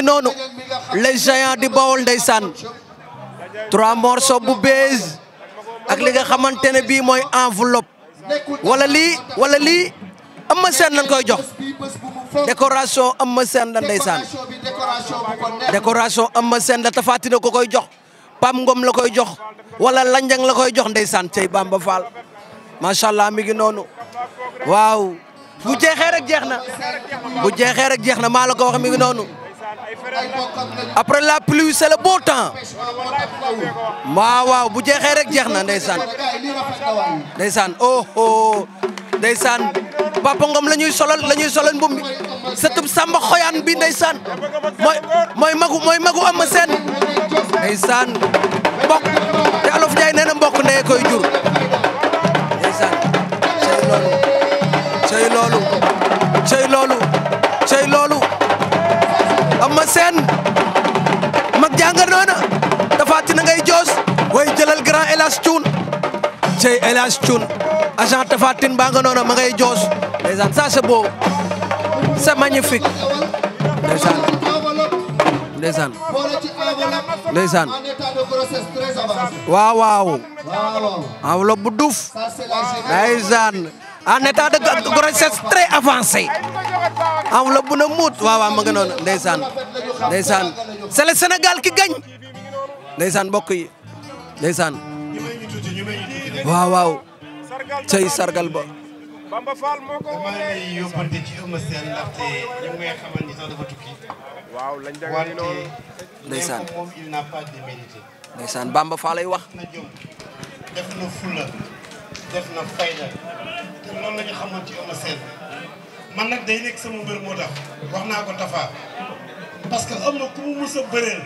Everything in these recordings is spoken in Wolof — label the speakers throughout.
Speaker 1: ngi noonu les géants di Bawol saan trois morceaux bu bees ak li nga xamante ne bii mooy enveloppe
Speaker 2: walla lii wala lii
Speaker 1: Eumeu sen lañ koy jox
Speaker 2: décoration
Speaker 1: Eumeu Sène la ndeysaan décoration Eumeu Sène la Tapha ko koy jox Pam Ngom la koy jox wala lanjang la koy jox ndeysaan cey Bamba Fall macha allah mi ngi noonu waaw bu jeexee rek jeex na bu jeexee rek jeex na maa la ko wax mi ngi noonu après la pluie c'est le beau temps waaw bu jeexee rek jeex na ndeysaan ndeysaan oh oh ndeysaan Papa Ngom la ñuy solal la ñuy solal mbum bi sëtub Samba bi ndeysaan mooy mooy mooy magu am seen ndeysaan mbokk te alof Njaay nee na mbokk ndee koy jur ndeysaan cey loolu loolu cey loolu cey Elias Thioune agent Tapha Tine baa nga noona ma ngay joos ndeysaan ça c'est beau c'est magnifique ndeysaan ndeysaan
Speaker 2: ndeysaan waaw
Speaker 1: waaw enveloppe bu duuf ndeysaan en état de grossesse très avancé enveloppe bu na muut waaw waaw ma nga noona ndeysaan ndeysaan c'est le Sénégal qui gagne ndeysaan mbokk waaw waaw cay sargal ba. Bamba moo
Speaker 3: ko waaw lañ
Speaker 1: jagleel loolu wante. ndeysaan
Speaker 3: moom il n'a pas démérité.
Speaker 1: ndeysaan Bamba Fall wax. na jom
Speaker 3: def na fula def na fayda te loolu la ñu xamoon ci Eumeu Sène man nag day nekk sama mbër moo tax wax naa ko Tafa parce que ku mu mës a bëreel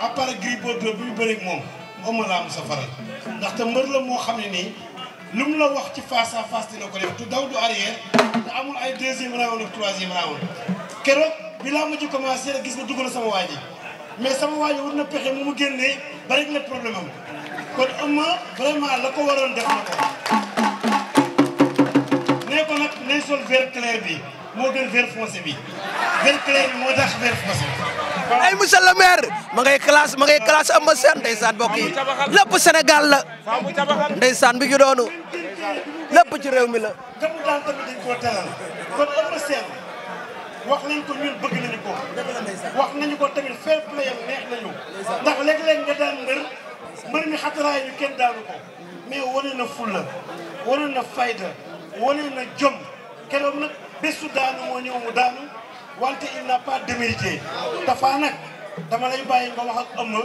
Speaker 3: à part Gris Bordeaux bi moom. oma laa sa faral ndaxte mbër la moo xam ne nii lu mu la wax ci face à face dina ko def du daw du arrière te amul ay deuxième round ak troisième round keroog bi laa mujj commencé rek gis nga dugal sama waa ji mais sama waa ji war na pexe mu mu génnee ba rek na problème am kon am na vraiment la ko waroon def na ko nee ko nag nay
Speaker 1: sol vert clair bi moo gën vert foncé bi vert clair bi moo tax vert foncé ay monsieur le maire ma ngay classe ma ngay classe am ma seen ndeysaan mbokk yi lépp Sénégal la ndeysaan bi ngi doonu lépp ci réew mi la
Speaker 3: gamu daal tamit dañ koo teral kon am wax nañ ko ñun bëgg nañu ko wax nañu ko tamit fair play am neex nañu ndax léeg-léeg nga daan mbër mbër mi xataraay ñu kenn daanu ko mais wane na fulla wane na fayda wane na jom keroog nag bésu daanu moo ñëw mu daanu wante il n'a pas démérité Tapha nag dama lay bàyyi nga wax ak ëmma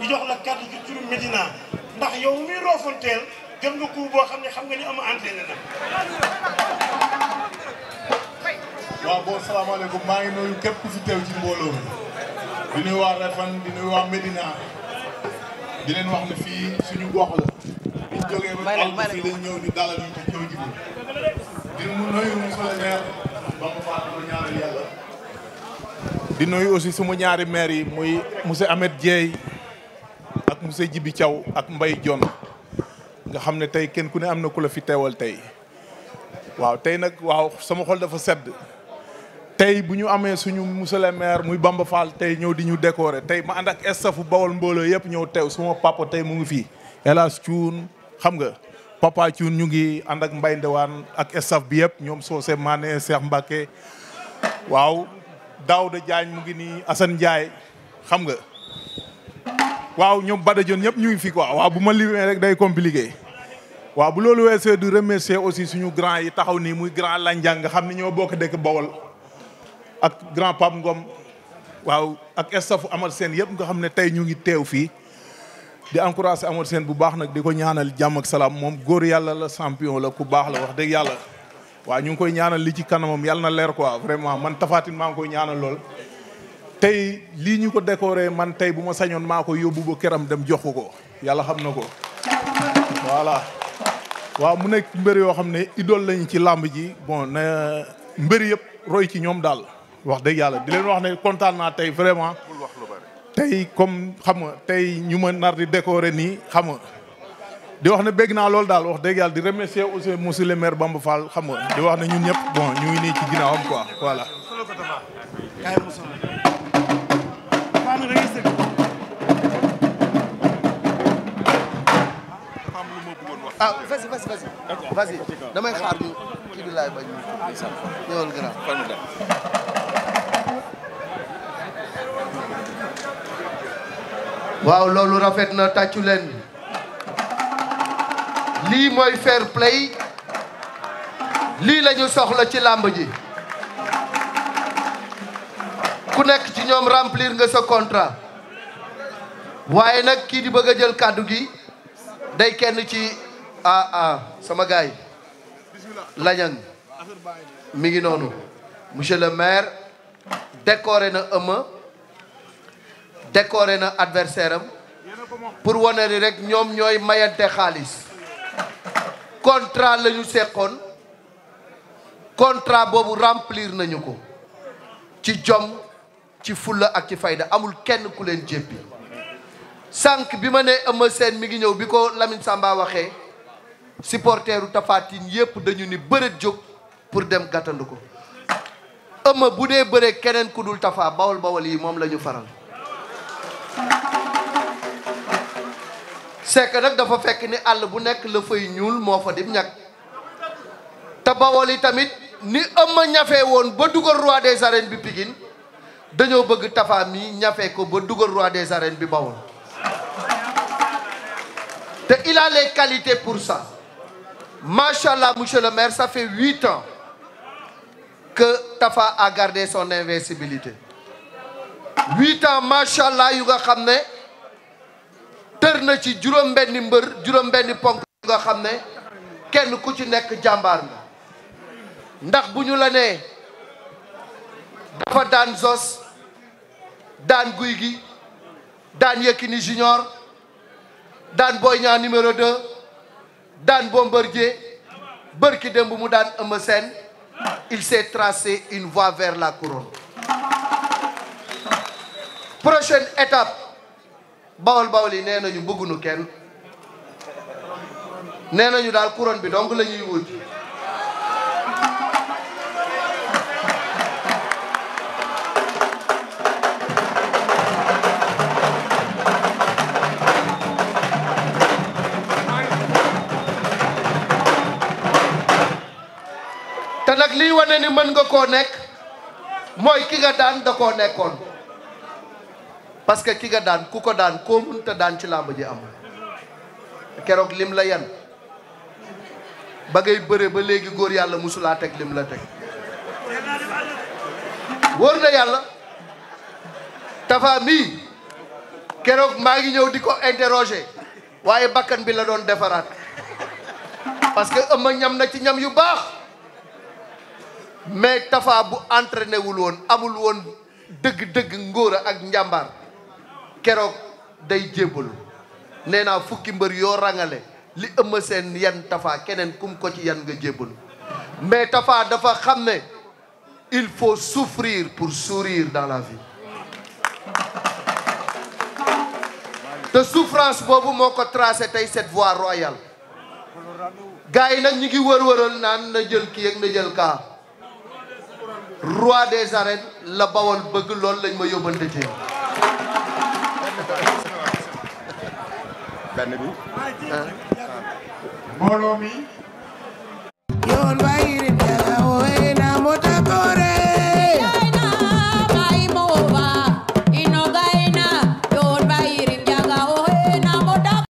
Speaker 3: ñu jox la kàddu ci turu ndax yow muy roofanteel jël nga coup boo xam ne xam nga ni ama entraîné na
Speaker 4: waaw boo salaamaaleykum maa ngi nuyu képp ku teew ci mbooloo mi di nuyu waa Refane di waa Medina di leen wax ne fii suñu gox la biñ jógee ba toll fii lañ ñëw di dalal mu nuyu monsieur le maire yàlla di nuyu aussi suma ñaari maire yi muy monsieur Ahmed Dieye ak monsieur Djibi caw ak Mbaye Dion nga xam ne tey kenn ku ne am na ku la fi teewal tey waaw tey nag waaw sama xol dafa sedd tey bu ñu amee suñu monsieur le maire muy Bamba Fall tey ñëw di ñu décorer tey ma ànd ak estafu Bawol mbooloo yëpp ñëw teew suma papa tey mu ngi fii El Hadj xam nga papa Thioune ñu ngi ànd ak mbay Ndewaan ak estaf bi yëpp ñoom Socé Mané Cheikh Mbacké waaw Daouda Diagne mu ngi nii Assane Ndiaye xam nga waaw ñoom Bada Dione ñëpp ñu ngi fi quoi waaw bu ma limee rek day compliqué. waaw bu loolu weesoo du remercier aussi suñu grand yi taxaw nii muy grand Landiang nga xam ne ñoo boo ko dëkk Bawol ak grand Pape Ngom waaw ak staff Amar Sène yëpp nga xam ne tey ñu ngi teew fii di encourager Amar Sène bu baax nag di ko ñaanal jàmm ak salaam moom góor yàlla la champion la ku baax la wax dëgg yàlla waa ñu ngi koy ñaanal li ci kanamam yàlla na leer quoi vraiment man tafaatin maa ngi koy ñaana lool. tey lii ñu ko décoré man tey bu ma sañoon maa ko yóbbu ba keram dem jox ko yàlla xam na ko voilà. waaw mu nekk mbër yoo xam ne idole lañu ci làmb ji bon na mbër yëpp roy ci ñoom daal wax dëgg yàlla di leen wax ne kontaan naa tey vraiment. tey comme xam nga tey ñu ma nar di décoré nii xam nga. di wax na bégg naa loolu daal wax dëgg yàlla di remercier aussi monsieur le maire Bamba Fall xam nga di wax na ñun ñëpp bon ñu ngi nii ci ginnaawam quoi voilà.
Speaker 2: ah vas-y damay xaar ñu kii bi laay bañ ñu. ñëwal grand. waaw loolu rafet na tàccu leen. lii mooy fair play lii la soxla ci làmb ji ku nekk ci ñoom remplir nga sa contrat waaye nag kii di bëgg a jël kàddu gi day kenn ci ah ah sama gars yi lañan mi ngi noonu monsieur le maire décoré na ëma décoré na adversaire am pour wane ni rek ñoom ñooy mayante xaalis contrat lañu ñu seqoon boobu remplir nañu ko ci jom ci fulla ak ci fayda amul kenn ku leen jéppi sànq bi ma ne Eumeu Sène mi ngi ñëw bi ko Lamine Samba waxee supporteru Tapha Tine yépp dañu ni bëreet jóg pour dem gàttandu ko Eumeu bu dee bëree keneen ku dul Tapha bawol bawol yi moom lañu faral c'est nag dafa fekk ni àll bu nekk la fay ñuul moo fa di ñàkk te bawol yi tamit ni ëmma ñafe woon ba dugal roi des arènes bi Pikine dañoo bëgg Tapha mi ñafe ko ba dugal roi des arènes bi bawol te il a les qualités pour ça macha allah monsieur le maire ça fait huit ans que Tapha a gardé son huit ans macha allah yu nga xam ne tër na ci juróom-benni mbër juróom-benni ponk nga xam ne kenn ku ci nekk jàmbaar nga ndax bu ñu la nee dafa daan sos daan Guy gi daan Yekini Junior daan Boy Niang numéro 2 daan Bombardier bërki démb mu daan Eumeu Sène il s'est tracé une voie vers la couronne prochaine étape bawol bawol yi nee nañu bëgguñu kenn nee nañu daal couronne bi donc la ñuy wut nag liy wane ni mën nga koo nekk mooy ki nga da koo nekkoon parce que ki nga daan ku ko daan koo munta daan ci làmb ji am keroog lim la yan ba ngay bëre ba léegi góor yàlla musulaa teg lim la teg wóor na yàlla Tapha mii keroog maa ngi ñëw di ko interroger waaye bakkan bi la doon defaraat parce que ëmma ñam na ci ñam yu baax mais Tapha bu entraîné wul woon amul woon dëgg-dëgg ngóora ak njàmbaar keroog day jébbalu nee naa fukki mbër yoo rangale li ëmma seen yan Tapha keneen kum ko ci yan nga jébbalu mais Tapha dafa xam ne il faut souffrir pour sourire dans la te souffrance boobu moo ko tracé tey cette voie royale gars yi nag ñu ngi wër-wëral naan na jël kii ak na jël kaa roi des arènes la bawal bëgg loolu lañ ma yóbbante ci benn bi
Speaker 1: mbooloo mi yoon bàyyi